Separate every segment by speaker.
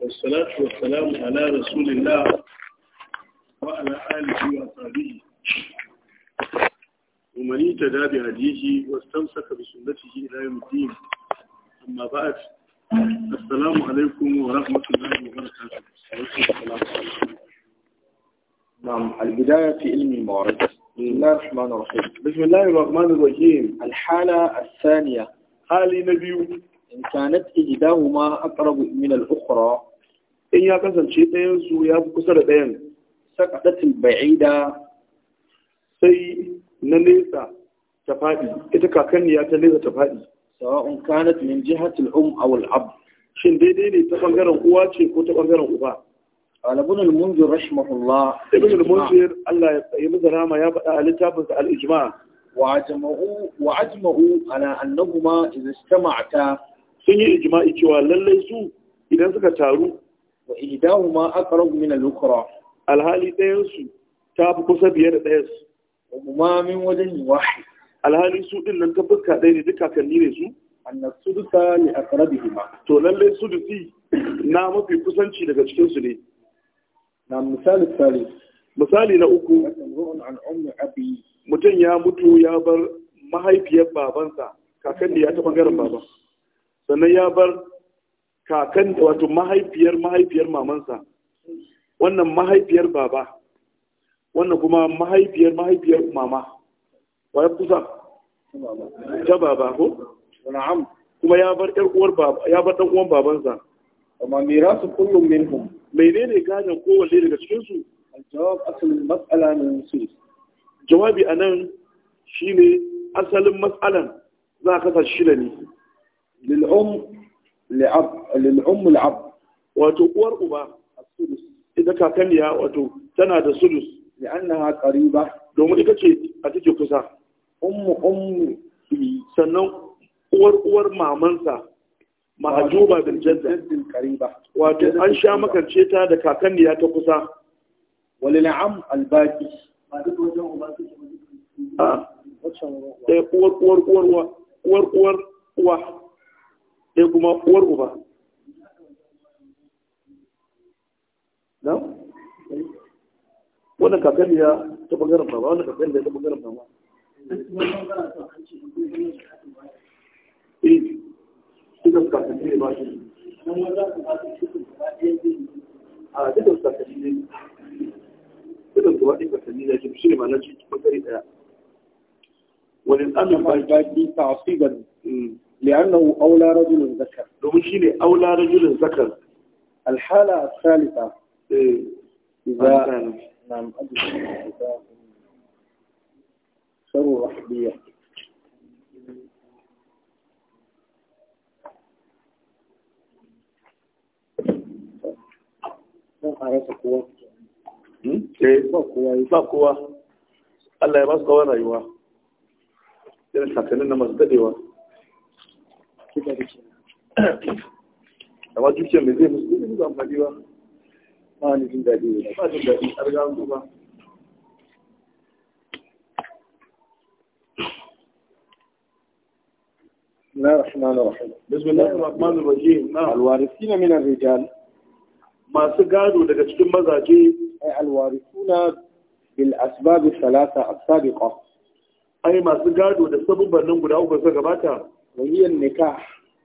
Speaker 1: والصلاة والسلام على رسول الله وعلى آله وصحبه ومن يتدى بهديه
Speaker 2: واستمسك بسنته إلى يوم الدين أما بعد السلام عليكم ورحمة الله وبركاته
Speaker 1: نعم البداية في علم المعرض بسم الله الرحمن الرحيم بسم الله الرحمن الرحيم الحالة الثانية قال النبي إن كانت إحداهما أقرب من الأخرى in ya kasance ɗayan su ya fi kusa da ɗayan bai ba'ida sai na nesa ta faɗi ita kakanniya ta nesa ta faɗi sawa'un kanat min jihatil um aw al ab shin daidai ne ta bangaren uwa ce ko ta bangaren uba alabun al-munzir rahimahullah ibn al-munzir Allah ya yi rama ya faɗa a littafinsa, al'ijima. al-ijma wa ajma'u wa ajma'u ala sun yi ijima'i cewa lallai su idan suka taru ihdahuma aqrabu min al-ukhra alhali ɗayan ta fi kusa biye da ɗayan su kuma min wajen wahid alhali su din nan ta fuska ɗaya ne duka kalli ne su anna sudusa li aqrabihima to lalle sudusi na mafi kusanci daga cikin ne na misali tsari misali na uku mutum ya mutu ya bar mahaifiyar babansa kakan ya ta bangaren baba sannan ya bar kakan da wato mahaifiyar mahaifiyar mamansa wannan mahaifiyar baba wannan kuma mahaifiyar mahaifiyar mama wa ya kusa ta baba ko na'am kuma ya bar ɗan uwar baba ya bar ɗan uwan babansa amma su kullum minhum menene gadon kowanne daga cikin su jawab asalin matsala ne su jawabi anan shine asalin matsalan za ka sa shi da ni lil'um lil'ummul ab wato uwar uba ita kakanniya wato tana da sudus li'annaha qariba domin ita ce a take kusa ummu ummu sannan uwar uwar mamansa mahajuba bil jaddin qariba wato an sha makance ta da kakanniya ta kusa walil am al baqi uwar uwar uwar uwar uwar uwa sai kuma uwar uba na? wannan kakan ya ta bangaren baba wannan kakan ya ta bangaren baba
Speaker 2: eh duka kakan ne ba shi
Speaker 1: a duka kakan ne duka gaba ɗin kakan ne ya ce shi ne ma na ci bangare ɗaya wani tsamin ba ki ta asibar لأنه أولى رجل ذكر لو شيني أولى رجل
Speaker 2: ذكر الحالة الثالثة إيه. إذا نعم شر رحبية ba
Speaker 1: kowa Allah ya ba su kawai rayuwa irin kakannin na masu dadewa بسم الله الرحمن الرحيم بسم الله الرحمن الرحيم نعم الوارثين من الرجال ما سقادوا لك تكون مزاجي الوارثون بالأسباب الثلاثة السابقة أي ما سقادوا سبب النمو لأوبة سقباتها wahiyar nikah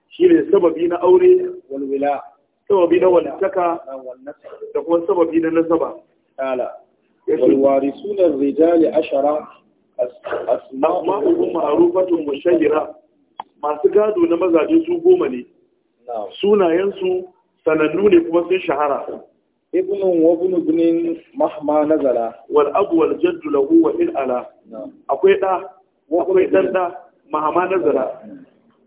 Speaker 1: shi ne sababi na aure walwila sababi na waltaka da kuma sababi na nasaba ta'ala والوارثون الرجال عشرة أسماؤهم ma'arufatun وشهيرة masu gado na mazaje su goma ne sunayensu sanannu ne kuma sun shahara ibnun wa ibnun mahma nazala wal abu wal jaddu lahu in ala akwai da akwai dan da mahama nazala mm.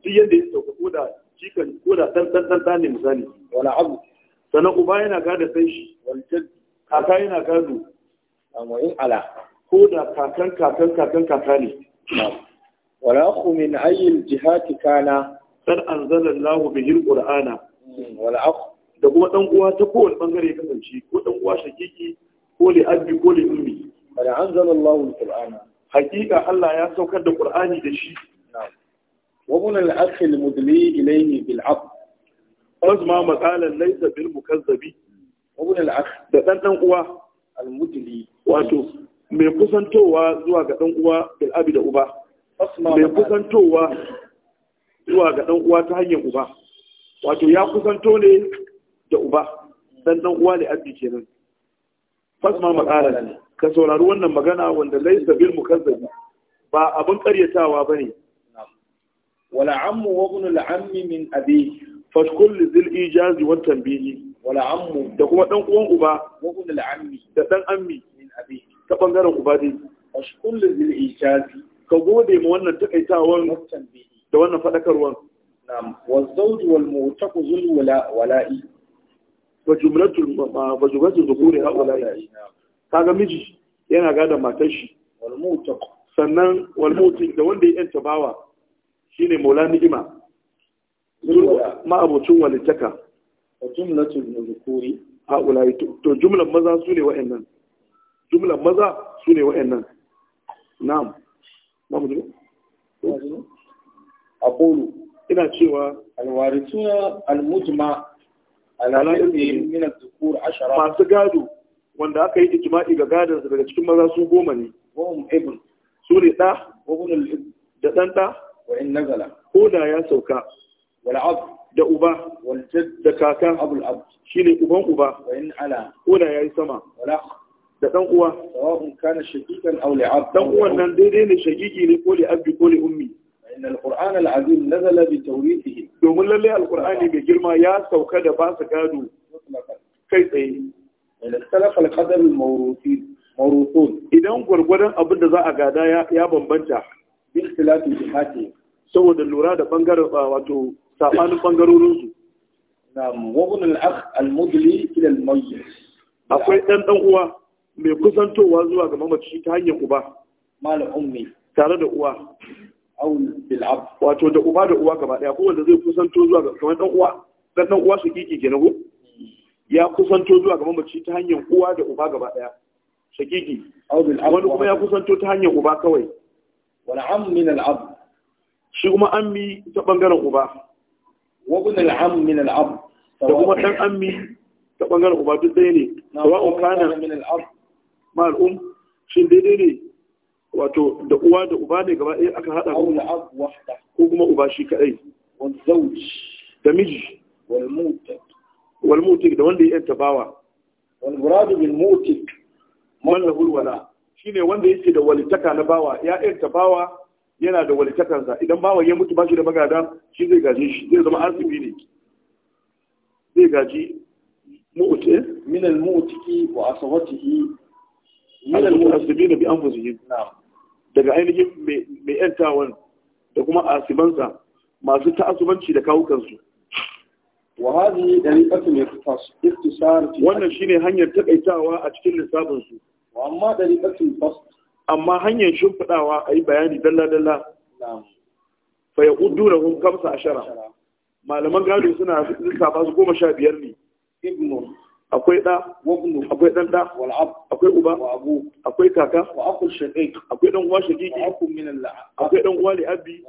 Speaker 1: duk yadda ya sauka ko da cikin ko da ɗan ɗan ɗan ne misali wala abu sannan uba yana gada san shi kaka yana gado amoyin ala ko da kakan kakan kakan kaka ne wala akhu min ayyil jihati kana san anzalallahu bihi alqur'ana hmm, wala akhu da kuma dan uwa ta kowane bangare kasance ko dan uwa shakiki ko li abi ko li ummi wala anzalallahu alqur'ana hakika Allah ya saukar da qur'ani da shi ومن الأخ المدلي إليه بالعقل أزمى مقالا ليس بالمكذب ومن الأخ ده دان دان أوا المدلي واتو mai kusantowa zuwa ga ɗan uwa bil da uba mai kusantowa zuwa ga ɗan uwa ta hanyar uba wato ya kusanto ne da uba dan ɗan uwa ne abdi kenan fasma maqala ka saurari wannan magana wanda laysa bil mukazzabi ba abin karyatawa bane wala ammu wa ibn al min abi fa kullu dhil ijazi wa tanbihi wala da kuma dan uwan uba wa ibn da dan ammi min abi ta bangaren uba dai fa kullu dhil ka gode ma wannan takaitawan da wannan fadakarwan na'am wa wala'i kaga miji yana gada matar shi sannan wal da wanda ya yanta bawa shine Mola ni'ima ma'abucin walittaka jumlatul zukuri ulayi to jumlan maza su ne wa'annan jumlan maza su ne wa'annan na'am na'am a aqulu ina cewa alwarithuna almujma ala ilmi min masu gado wanda aka yi jima'i ga gadon daga cikin maza su goma ne su ne da da ɗan ɗan. وإن نزل يا da ya sauka da uba da kaka abul ab uban uba wa ala sama wala da ɗan uwa sawa'un kana uwan nan daidai ne shaqiqi ne ko ko ummi إن القرآن العظيم نزل بتوريثه دوم لله القرآن بجرما يا سوكا دباس قادو كيف إيه إن اختلف القدر الموروثين موروثون إذا هم قرقودا أبدا ذا أقادا يا بمبنجا باختلاف جهاته saboda lura da ɓangaren, ah, wato saɓanin bangarorin su na'am wa ibn al-akh ila al-mayyit akwai ɗan ɗan uwa mai kusantowa zuwa ga mamaci ta hanyar uba mala ummi tare da uwa aw bil ab wato da uba da uwa gaba ɗaya, kowanne zai kusanto zuwa ga kamar ɗan uwa ɗan ɗan uwa su kiki kenan ko hmm. ya kusanto zuwa ga mamaci ta hanyar uwa da uba gaba ɗaya. shakiki wani kuma ya kusanto ta hanyar uba kawai Wani am min al ab shi kuma ammi ta bangaren uba wa am min al'ab. da kuma an ammi ta bangaren uba duk ɗaya ne sawa'un kana min ma al'um? shi daidai ne wato da uwa da uba ne gaba ɗaya aka hada ko kuma uba shi kaɗai? da miji Walmutik. mutad da wanda ya yanta bawa wal muradu bil man lahu al wala wanda yake da walitaka na bawa ya yanta bawa yana da walitakansa idan bawan ya mutu ba shi da magada shi zai gaji shi zai zama asibi ne zai gaji mu'uti eh? min al-mu'tiki wa asawatihi min al-mu'assibina bi anfusihim daga ainihin mai yantawan da kuma asibansa masu ta'asubanci da kawukansu wa mai dariqatu iftisar wannan shine hanyar takaitawa a cikin lissafin su wa amma dariqatu fasl amma hanyar shimfiɗawa a yi bayani dalla-dalla fa ya ƙudu da hun kamsa ashara malaman gado suna ba su goma sha biyar ne akwai ɗa akwai ɗan ɗa akwai uba akwai kaka akwai ɗan uwa shakiki akwai ɗan uwa li'abbi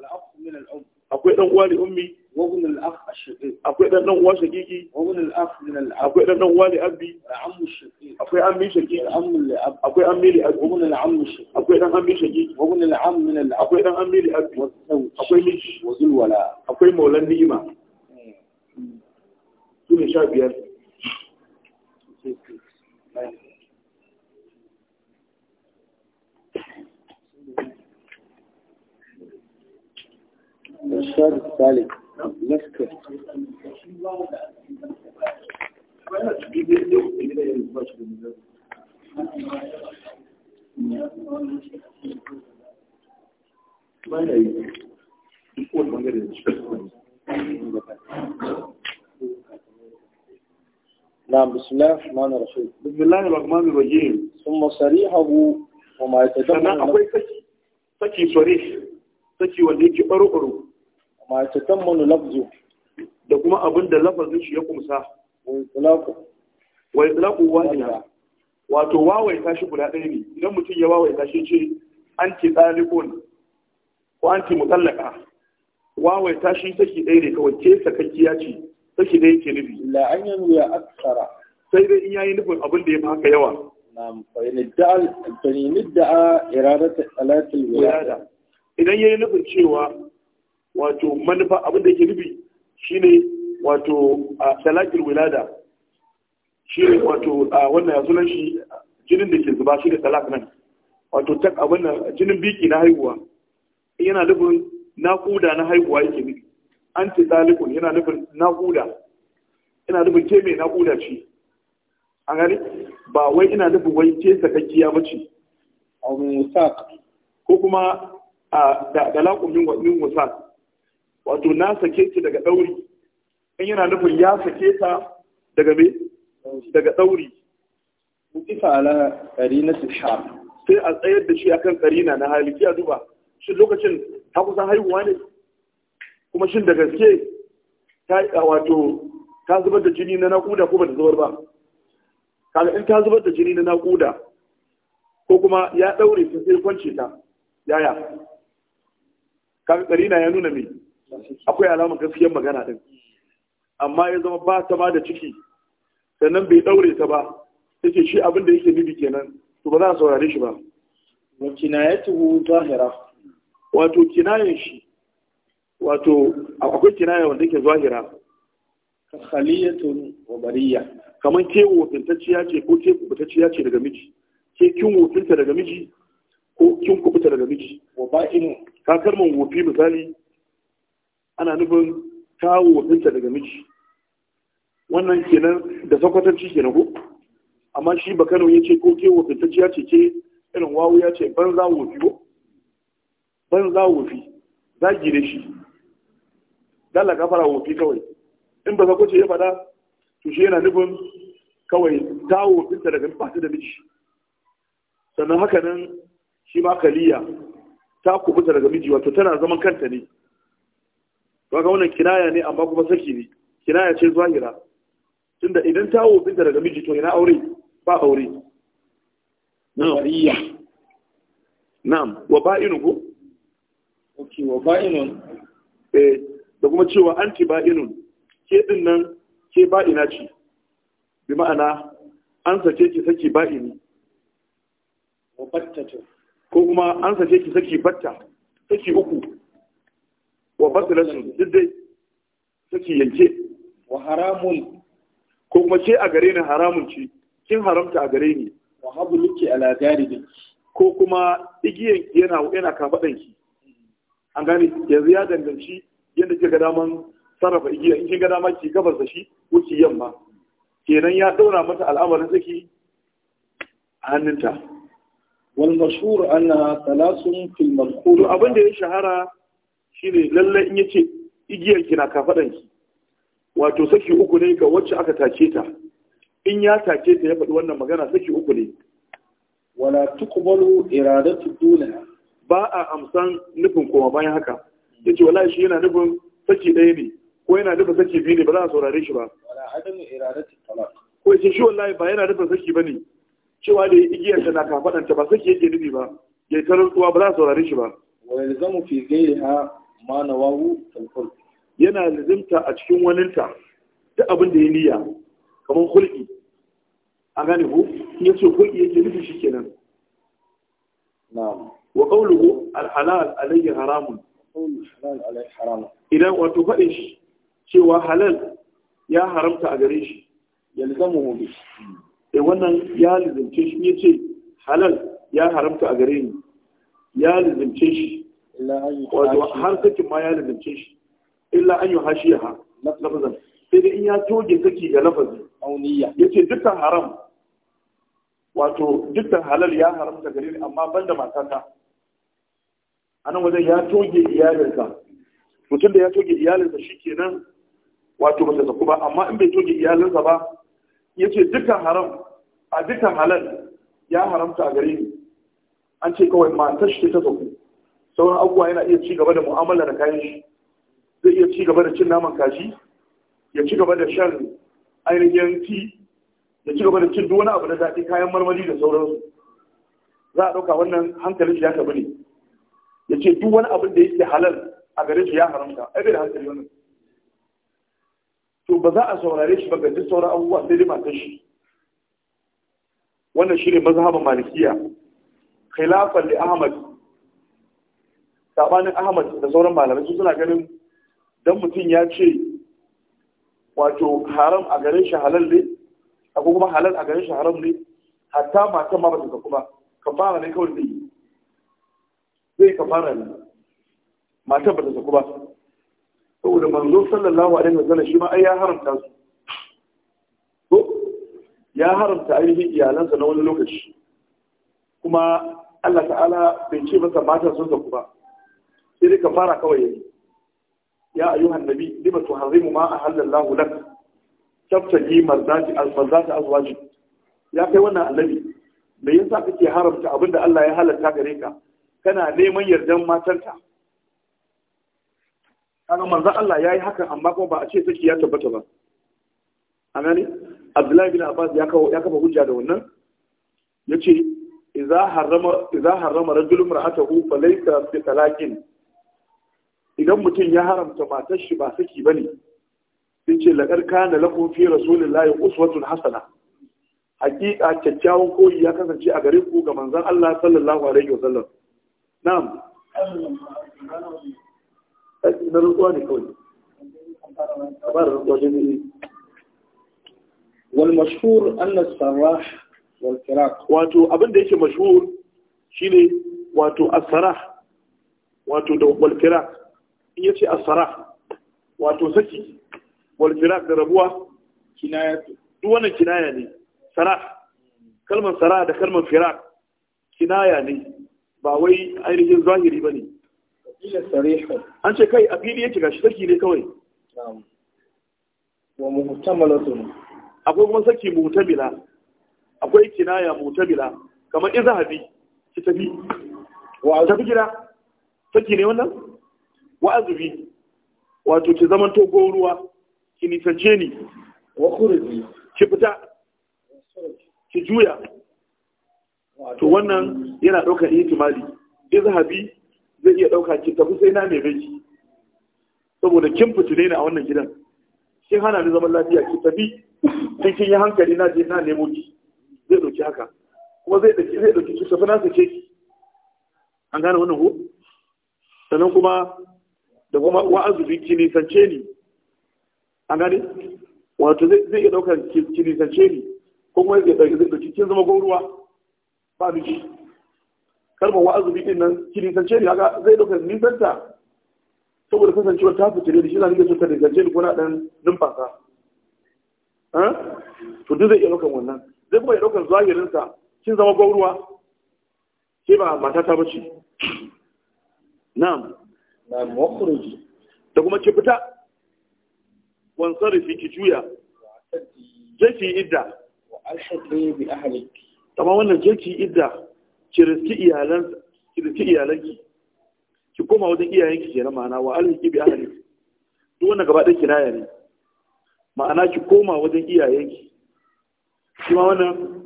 Speaker 1: akwai dan uwa ummi wa ibn al akh ashiqi akwai dan dan uwa shaqiqi wa ibn al akh min al akwai dan dan uwa li abi
Speaker 2: ammu shaqiqi
Speaker 1: akwai ammi shaqiqi ammu li ab akwai ammi li abi ibn al ammu shaqiqi akwai dan ammi shaqiqi wa ibn al am min al akwai dan ammi li abi akwai miji wa zul wala akwai maulan ni'ima hmm. sune sha biyar الشهر الثالث نعم بسم الله الرحمن الرحيم بسم الله الرحمن الرحيم ثم صريحه وما يتدمر akwai صريح saki sore saki ma ta tammanu lafzu da kuma abin da lafazin shi ya kumsa wa itlaqu wahiya wato wawai shi guda ɗaya ne idan mutum ya wawaita shi ce anti tsalikon ko anti mutallaka Wawai shi saki ɗaya ne kawai ke sakakkiya ce saki ɗaya ke nufi la an yanu ya akthara sai dai in yayi nufin abin da ya fi haka yawa na'am fa nidda'a
Speaker 2: iradatu talatil wilada
Speaker 1: idan yayi nufin cewa wato manufa abin da yake nufi shine wato a talakil wilada shi ne wato a wannan ya sunan shi jinin da ke zuba shi da talak nan wato tak abin wannan jinin biki na haihuwa yana nufin naƙuda na haihuwa yake nufi an ce talikun yana nufin naƙuda yana nufin ke mai naƙuda ce an gani ba wai ina nufin wai ke sakakkiya ba ce a musaq ko kuma a da lakumin wasak wato na sake ki daga ɗauri in yana nufin ya sake ta daga me daga ɗauri kisa ala karina tuhar sai a tsayar da shi akan karina na haliki a duba shin lokacin ta kusan haihuwa ne kuma shin da gaske ta wato ta zubar da jini na naƙuda ko ba ta zubar ba kaga in ta zubar da jini na naƙuda ko kuma ya ɗaure ta sai kwance ta yaya kaga karina ya nuna me akwai alamar gaskiyar magana din amma ya zama ba ta ba da ciki sannan bai daure ta ba yake shi abin da yake nufi kenan to ba za a saurare shi ba wa kinayatuhu zahira wato kinayen shi wato akwai kinaya wanda yake zahira khaliyatun wa bariya kamar ke wofintacciya ce ko ke kubutacciya ce daga miji ke kin wofinta daga miji ko kin kubuta daga miji wa ba'inu kakar karman wofi misali ana nufin kawo ɗinta daga miji wannan kenan da sakwatanci na ko amma shi ba Kano ya ce ko ke wafintacciya ce ke irin wawu ya ce ban za wofi ko ban za wofi za gire shi dala fara wofi kawai in ba sakwace ya faɗa to shi yana nufin kawai tawo wofinta daga masu da miji sannan haka nan shi ma kaliya ta kubuta daga miji wato tana zaman kanta ne kaga wannan kinaya ne amma kuma saki ne kinaya ce zahira tunda idan ta binta daga miji to ina aure ba aure
Speaker 2: na'am
Speaker 1: na'am wa ko? oke wa ba'inu eh da kuma cewa anti ba'inun ke din nan ke ba'ina ce bi ma'ana an sace ki saki ba'ini wa battatu ko kuma an sace ki saki batta saki uku wa batilatun duk dai take yanke wa haramun ko kuma ce a gare ni haramun ce? kin haramta a gare ni wa habluki ala garibi ko kuma igiyan yana yana fadan ki an gane yanzu ya danganci yadda kika daman sarrafa igiya in kika ga ki gabas da shi wuce yamma kenan ya daura mata al'amarin saki a hannunta wal mashhur anna thalathun fil madkhul abin da ya shahara shine lalle in yace igiyar ki na kafadan ki wato saki uku ne ga wacce aka take ta in ya take ta ya faɗi wannan magana saki uku ne wala tuqbalu iradatu duna ba a amsan nufin kuma bayan haka yace wallahi shi yana nufin saki ɗaya ne ko yana nufin saki biyu ne ba za a saurare shi ba
Speaker 2: wala adamu iradatu talaq
Speaker 1: ko yace shi wallahi ba yana nufin saki bane cewa da igiyar ta na kafadan ta ba saki yake nufi ba yayi ta ba za a saurare shi ba wa yalzamu fi ghayriha ma nawahu kalkul yana lazimta a cikin waninta duk abin da ya niyya kamar hulki a gane ku ya yace hulki yake nufi kenan. na'am wa qawluhu al halal alayhi haramun idan wato faɗin shi cewa halal ya haramta a gare shi yalzamu bi. eh wannan ya lazimce shi yace halal ya haramta a gare ni ya lazimce shi har sakin ma ya lalace shi illa an yi ha lafazan sai dai in ya toge saki ga lafazi ya ce dukkan haram wato dukkan halal ya haramta gare ni amma ban da matata a nan wajen ya toge iyalinsa mutum da ya toge iyalinsa shi kenan wato ba ta saku ba amma in bai toge iyalinsa ba ya ce dukkan haram a dukkan halal ya haramta gare ni an ce kawai matar shi ta saku sauran abubuwa yana iya ci gaba da mu'amala da kayan shi zai iya ci gaba da cin naman kaji ya ci gaba da shan ainihin ti ya ci gaba da cin duk wani abu na zafi kayan marmari da sauransu za a ɗauka wannan hankalin shi ya tabi ne ya ce duk wani abin da yake halal a gare shi ya haramta ai bai da hankali wannan to ba za a saurare shi ba ga duk sauran abubuwa sai dai matan shi wannan shi ne mazhaban malikiya khilafan li ahmad sabanin Ahmad da sauran malamai su suna ganin dan mutum ya ce wato haram a garin shi halal ne ko kuma halal a garin shi haram ne hatta matan ma ba ta kuma fara ne kawai zai zai fara ne matan ba ta saku ba saboda manzo sallallahu alaihi wasallam shi ma ai ya haramta su to ya haramta ainihin iyalansa na wani lokaci kuma Allah ta'ala bai ce masa matan sun saku ba sai ka fara kawai yayi ya ayyuhan nabi lima tuharrimu ma ahallallahu lak tabtaji marzati al-marzati azwaji ya kai wannan annabi me yasa kake haramta abinda Allah ya halatta gare ka kana neman yardan matarka kana manzo Allah yayi hakan amma kuma ba a ce saki ya tabbata ba a gani Abdullahi bin Abbas ya kawo ya kafa hujja da wannan yace idza harrama idza harrama rajulun ra'atahu falaysa bi talaqin idan mutum ya haramta matar shi ba saki ba ne, sun ce laqad kana lakum fi rasulillahi uswatun hasana hakika kyakkyawan koyi ya kasance a gare ku ga manzan Allah sallallahu alaihi wa sallam. na'am eh, na rutsuwa ne kawai kabar rutsuwa ne wal mashhur anna sarah wal kiraq wato abin da yake mashhur shine wato as wato da wal kiraq in yace as-saraf wato saki wal da rabuwa kinaya duk wannan kinaya ne saraf kalmar saraf da kalmar firaq kinaya ne ba wai ainihin zahiri ba ne. an ce kai a fili yake gashi saki ne kawai
Speaker 2: akwai
Speaker 1: kuma saki muhtamila akwai kinaya muhtamila kamar izhabi ki tafi wa tafi gida saki ne wannan wa'azubi wato ki zaman to ruwa ki nisance ni wa ki fita ki juya to wannan yana daukar idan zahabi zai iya dauka ki tafi sai na neme ki saboda kin fitine ne a wannan gidan kin hana ni zaman lafiya ki tafi sai kin yi hankali na je na nemo ki zai dauki haka kuma zai dauki zai dauki ki tafi na sace ki an gane wannan ko sannan kuma da kuma wa'azubi ki nisance ni a gani wato zai iya ɗaukar ki nisance ni ko kuma zai ɗauki kin zama gwauruwa ba ni ji kalmar wa'azubi din nan ki nisance ni haka zai ɗaukar nisanta saboda kasancewar ta fitire da shi na nake so ka nisance ni ko na ɗan numfasa to duk zai iya ɗaukar wannan zai kuma iya ɗaukar sa kin zama gwauruwa ke ba matata ba ce na'am na mukhruji da kuma ki fita wan sarfi ki juya jaki idda wa idda, bi ma wannan jaki idda ki riski iyalan ki riski iyalanki ki koma wajen iyayenki kenan ma'ana wa alhiki bi ahlik duk wannan gaba ɗaya kinaya ne ma'ana ki koma wajen iyayenki shi ma wannan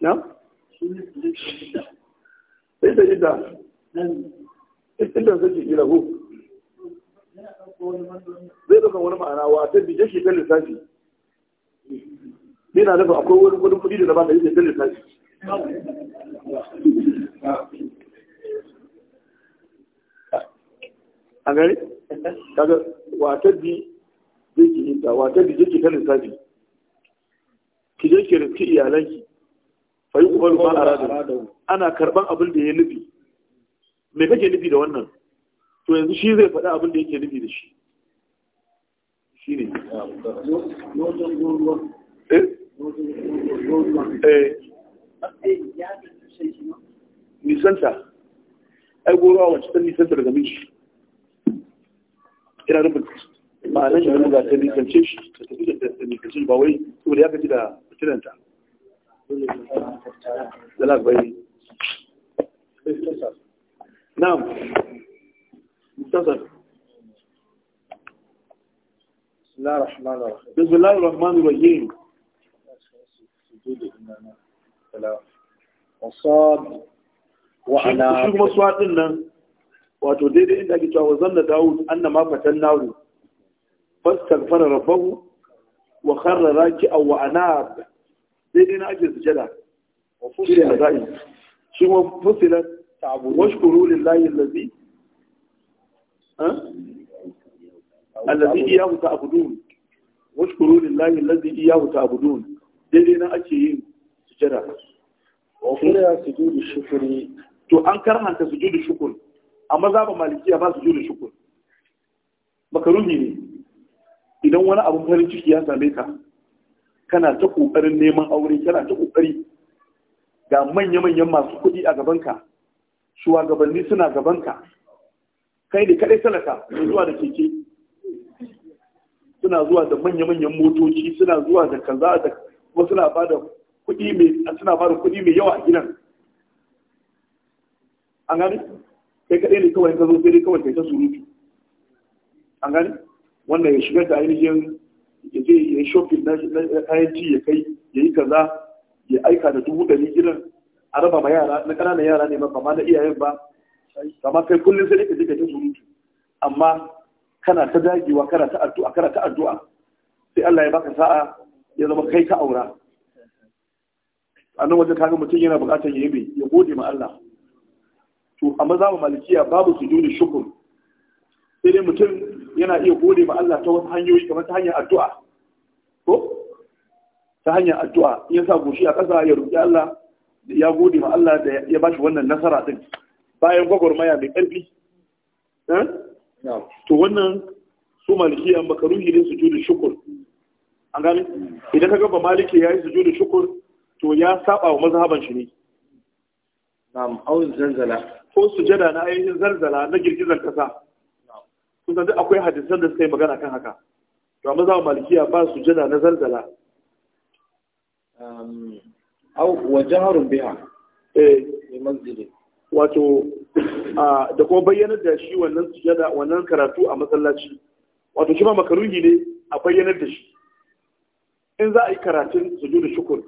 Speaker 1: na? Sai da idda. illan zai ji lahu zai ɗauka wani ma'ana wa ta bije shi kan lissafi ni na dafa akwai wani kudin kudi da na baka yake kan lissafi a gari kaga wa ta bi zai ki inta wa ta bi zai ki kan lissafi ki je ki rinki iyalanki fa yi kubalu ma arada ana karban abin da ya nufi me kake nufi da wannan to yanzu shi zai faɗi abin da yake nufi da shi shi ne eh? Eh. nisanta ai a wacce ta nisanta daga min ina nufin ma'anar shi da ta nisance shi da tafi da nisance ba wai saboda ya gaji da kiranta da نعم بسم الله الرحمن الرحيم بسم الله الرحمن الرحيم وصاد وانا شوف مصواتنا وتدير انت كي توزن داود ان ما فتنا فاستغفر ربه وخر راكي او واناب ta'budu washkuru lillahi allazi allazi iyahu ta'budun washkuru lillahi allazi iyahu ta'budun daidai nan ake yin sujada wa qira sujudu shukri to an karhanta sujudu shukr amma zaba malikiya ba sujudu shukr makaruhi ne idan wani abin farin ciki ya same ka kana ta kokarin neman aure kana ta kokari ga manya-manyan masu kuɗi a gabanka shugabanni suna gabanka kai ne kadai talaka mai zuwa da keke suna zuwa da manya-manyan motoci suna zuwa da kaza da wasu suna ba da kuɗi mai suna ba da mai yawa a gidan an gani kai kadai ne kawai ka zo sai dai kawai kai ta surutu an gani wannan ya shigar da ainihin ya je ya yi shopping na kayan ci ya kai ya yi kaza ya aika da dubu ɗari gidan a raba ma yara na ƙananan yara ne ba ma na iyayen ba Kama kai kullum sai ka je ka ta surutu amma kana ta dagewa kana ta addu'a kana ta addu'a sai Allah ya baka sa'a ya zama kai ka aura a nan wajen kaga mutum yana buƙatar ya yabe ya gode ma Allah to amma za mu malikiya babu su sujudu shukr sai dai mutum yana iya gode ma Allah ta wasu hanyoyi kamar ta hanyar addu'a ko ta hanyar addu'a in ya sa goshi a ƙasa ya roƙi Allah ya gode ma Allah da ya bashi wannan nasara din bayan gwagwarmaya mai ƙarfi eh? to wannan su malikiya makaruhi ne su sujudin shukur an gani idan ka gaba maliki ya yi su sujudin shukur to ya saba wa mazhaban shi ne na'am auz zanzala. ko sujada na ainihin zanzala na girgizar kasa kun san akwai hadisan da suka yi magana kan haka to mazhaban malikiya ba jada na zanzala. au wa jaharun biha eh masjidi wato da kuma bayyanar da shi wannan sujada wannan karatu a masallaci wato shi ma makaruhi ne a bayyanar da shi in za a yi karatun sujudu shukur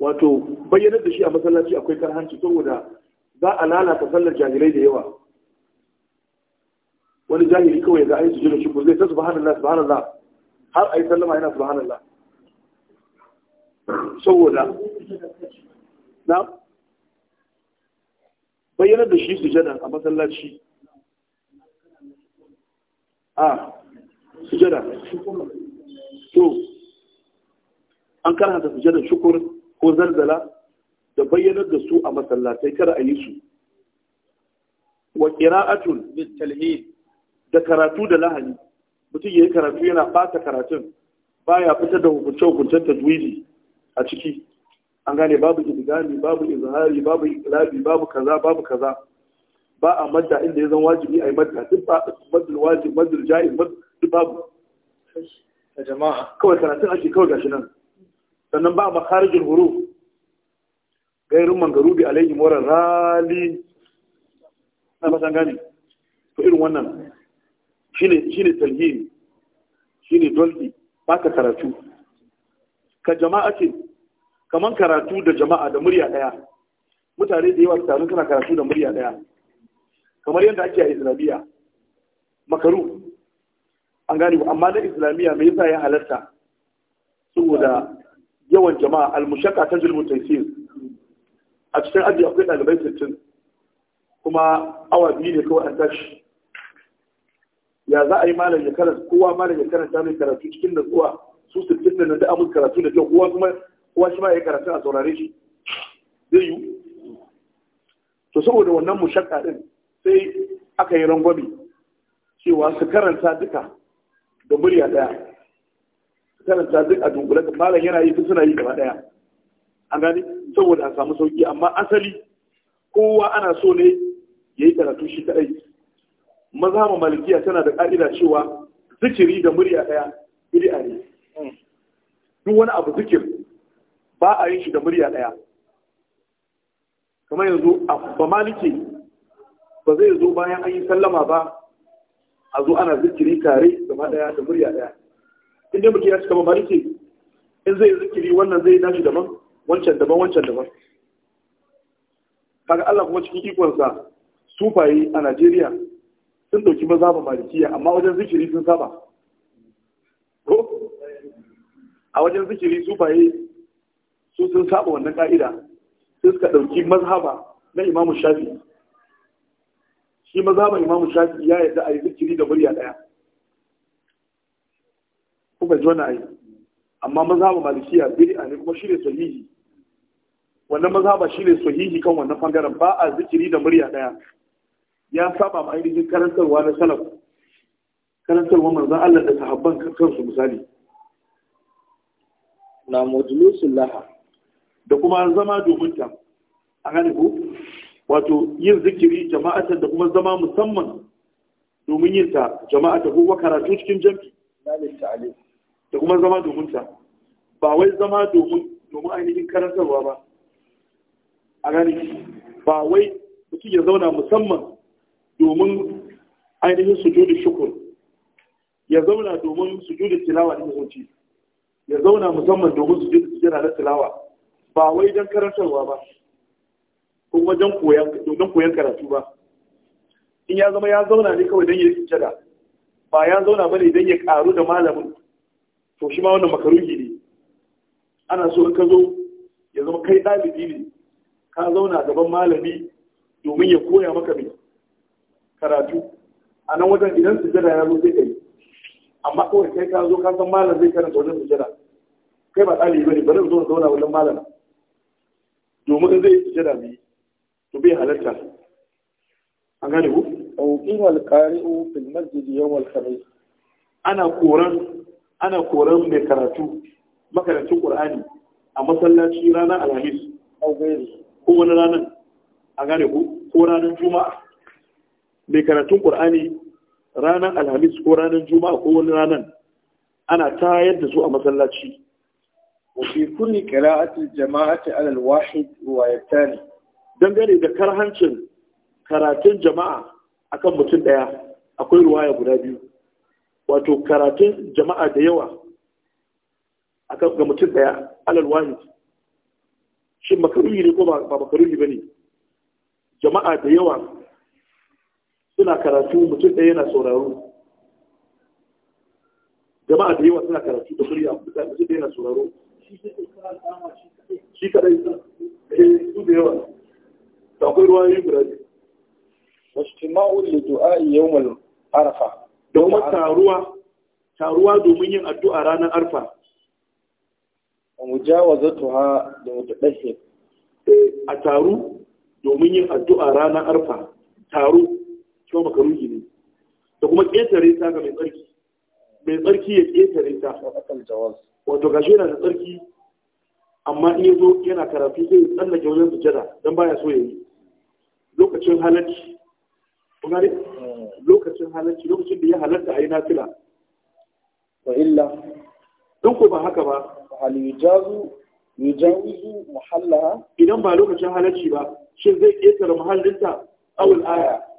Speaker 1: wato bayyanar da shi a masallaci akwai karhanci saboda za a lalata sallar jahilai da yawa wani jahili kawai za a yi sujudu shukur zai ta subhanallah subhanallah har a yi sallama yana subhanallah saboda na bayyana da shi sujada a masallaci a sujada to an karanta sujada shukur ko zarzala da bayyana da su a masallatai kada a yi su wa qira'atun da karatu da lahani mutum yayi karatu yana fata karatun baya fitar da hukuncen hukuncen tajwidi a ciki an gane babu idgami babu izhari babu iqlabi babu kaza babu kaza ba a madda inda ya zan wajibi a yi madda duk ba madda wajib madda jaiz duk babu A jama'a kawai karatun ake kawai gashi nan sannan ba makarijin huru gairin mangarubi alayhi moran rali na fasan gane to irin wannan shine shine talhini shine dolki baka karatu ka ce, kamar karatu da jama'a da murya daya mutane da yawa su taru suna karatu da murya daya kamar yadda ake a islamiyya makaru an gane amma na islamiyya me yasa ya halarta saboda yawan jama'a almushaka ta jirgin taisir a cikin aji akwai ɗalibai sittin kuma awa biyu ne kawai an tashi ya za a yi malam ya karanta kowa malam ya karanta mai karatu cikin natsuwa su sittin da da amur karatu da kyau kowa kuma kowa shi ma ya karatu a saurare shi zai yi to saboda wannan mushakka din sai aka yi rangwami cewa su karanta duka da murya daya su karanta duk a dunkule da malam yana yi suna yi gaba daya an gani saboda a samu sauki amma asali kowa ana so ne ya yi karatu shi kadai ma malikiya tana da ka'ida cewa zikiri da murya daya a ne duk wani abu zikir ba a yin shi da murya ɗaya kamar yanzu ba maliki ba zai zo bayan an yi sallama ba a zo ana zikiri tare gama ɗaya da murya ɗaya in dai mutum ya cika ba maliki in zai zikiri wannan zai dashi daban wancan daban wancan daban kaga Allah kuma cikin ikonsa sufaye a Najeriya sun ɗauki maza ba malikiya amma wajen zikiri sun saba a wajen zikiri sufaye su sun saba wannan ka'ida sai suka ɗauki mazhaba na imamu shafi shi mazhaban imamu shafi ya yadda a yi zikiri da murya ɗaya kuma ji wani ayi amma mazhaban malikiya a ne kuma shi ne sahihi wannan mazhaba shi ne sahihi kan wannan bangaren ba a zikiri da murya ɗaya ya saba ma ainihin karantarwa na salaf karantarwa manzan Allah da sahabban kansu misali na majlusul laha da kuma zama domin ta a gane ku wato yin zikiri jama'ata da kuma zama musamman domin yin ta jama'ata ko karatu cikin jam'i da kuma zama domin ta ba wai zama domin domin ainihin karantarwa ba a gane ba wai mutum ya zauna musamman domin ainihin sujudu shukur ya zauna domin sujudu tilawa da zuci ya zauna musamman domin su je su jira na tilawa ba wai don karantarwa ba ko wajen koyan koyan karatu ba in ya zama ya zauna ne kawai don ya sujjada ba ya zauna ba ne don ya karu da malamin to shi ma wannan makaruhi ne ana so in ka zo ya zama kai ɗalibi ne ka zauna gaban malami domin ya koya maka mai karatu a nan wajen idan jada ya zo sai kai amma kawai kai ka zo ka san malam zai karanta wajen sujada kai ba ɗalibi bane bari zo zauna wajen malam domin in zai yi sujada mai to bai halarta an gane ku auqim alqari'u fil masjid yawm al-khamis ana koran ana koran mai karatu makarantun qur'ani a masallaci ranar alhamis ko wani ranar a gane ku ko ranar juma'a mai karatun qur'ani ranar alhamis ko ranar juma'a ko wani ranar ana tayar da su a masallaci jama'ati 'ala al-wahid wa الواحد روايتان dangane da karhancin karatun jama'a akan mutum ɗaya akwai ruwaya guda biyu wato karatun jama'a da yawa akan ga mutum ɗaya al wahid shi makaruni ne ko ba makaruni bane jama'a da yawa suna karatu mutum ɗaya yana sauraro jama'a da yawa suna karatu da murya mutum ɗaya yana sauraro shi kaɗai eh, su da yawa da akwai ruwa yi guda biyu wajtima'u li du'a'i yawmal arfa da kuma taruwa taruwa domin yin addu'a ranar arfa wa mujawazatuha da wata ɗashe eh, a taru domin yin addu'a ranar arfa taru cewa makaruhi ne da kuma ƙetare ta ga mai tsarki mai tsarki ya ƙetare ta wato gashi yana da tsarki amma in yazo yana karatu zai tsallake wajen sujada don baya so ya yi lokacin halacci kuma lokacin halacci lokacin da ya halatta a yi nafila wa illa in ko ba haka ba halijazu yujazu yujawizu muhallaha idan ba lokacin halacci ba shin zai ƙetare mahallinta awul aya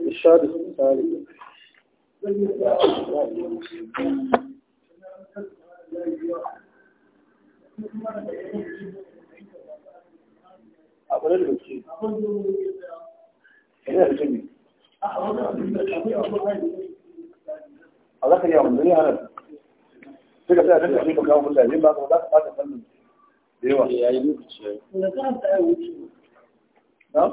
Speaker 2: الشهادة الثالثة أقول لك شيء هذا جميل الله
Speaker 1: يا عمري أنا فكرة فيها فكرة فيكم يوم في الليل بعد ولا بعد فنن
Speaker 2: أيوة يعني نعم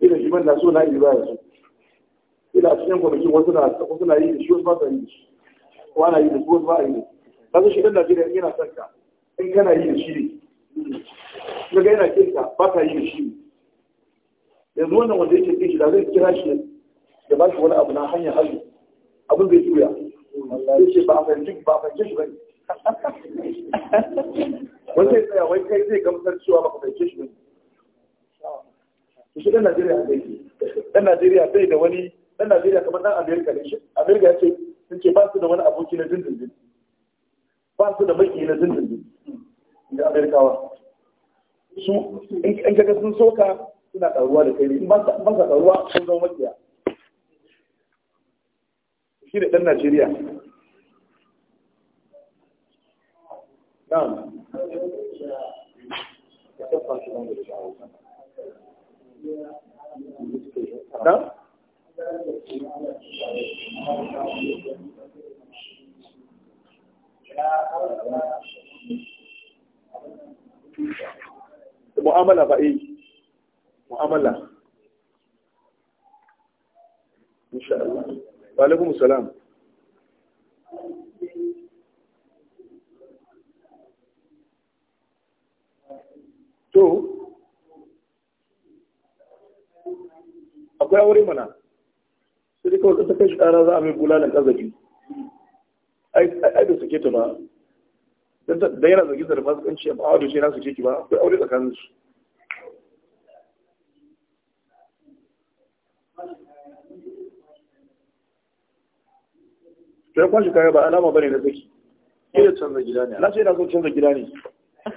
Speaker 1: ina shi man na so na iya baya su ina cikin kwamiki wasu na wasu na yi da shi wasu ba sa yi da shi na yi da su wasu ba a yi da kasu shi dan Najeriya yana son ka in kana yi da shi ne kuma ga yana kirka ba ka yi da shi ne yanzu wannan wanda yake kin shi da zai kira shi ya ba shi wani abu na hanyar hazu abin zai juya zai ce ba a fahimci ba a fahimci shi bane wani zai tsaya wai kai zai gamsar cewa ba ka fahimci shi ne. to shi dan Najeriya zai yake dan Najeriya bai da wani ɗan Najeriya kamar ɗan Amerika ne shi Amerika ya ce sun ce ba su da wani aboki na dindindin ba su da maki na dindindin da Amerikawa su in kaga sun soka suna ɗaruwa da kai ne in ba sa ɗaruwa sun zama maƙiya. shi ne ɗan Najeriya na'am mu'amala ba eh mu'amala insha Allah wa alaikum salam to akwai aure mana sai kawai ta kai shi ƙara za a mai bulalan ƙazafi ai da suke ta ba da yana zargin da fasikanci amma a shi na suke ki ba akwai aure tsakanin su to ya kwashi kaya ba alama bane na zaki ina canza gida ne na ce ina so canza gida ne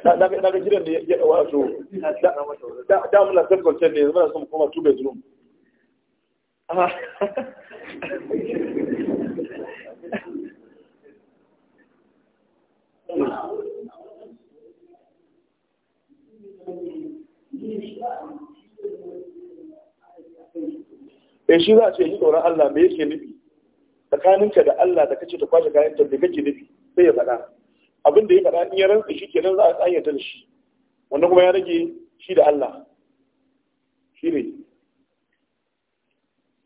Speaker 1: na ga gidan da ya wato da muna self-content ne zama da sun koma two bedroom Eh, shi za a ce yi tsoron Allah me yake nufi tsakaninka da Allah da kace ta kwashe kayan ta da kake nufi sai ya zaɗa, abin da ya faɗa in ya rantsa shi kenan za a tsayyata da shi wanda kuma ya rage shi da Allah shi ne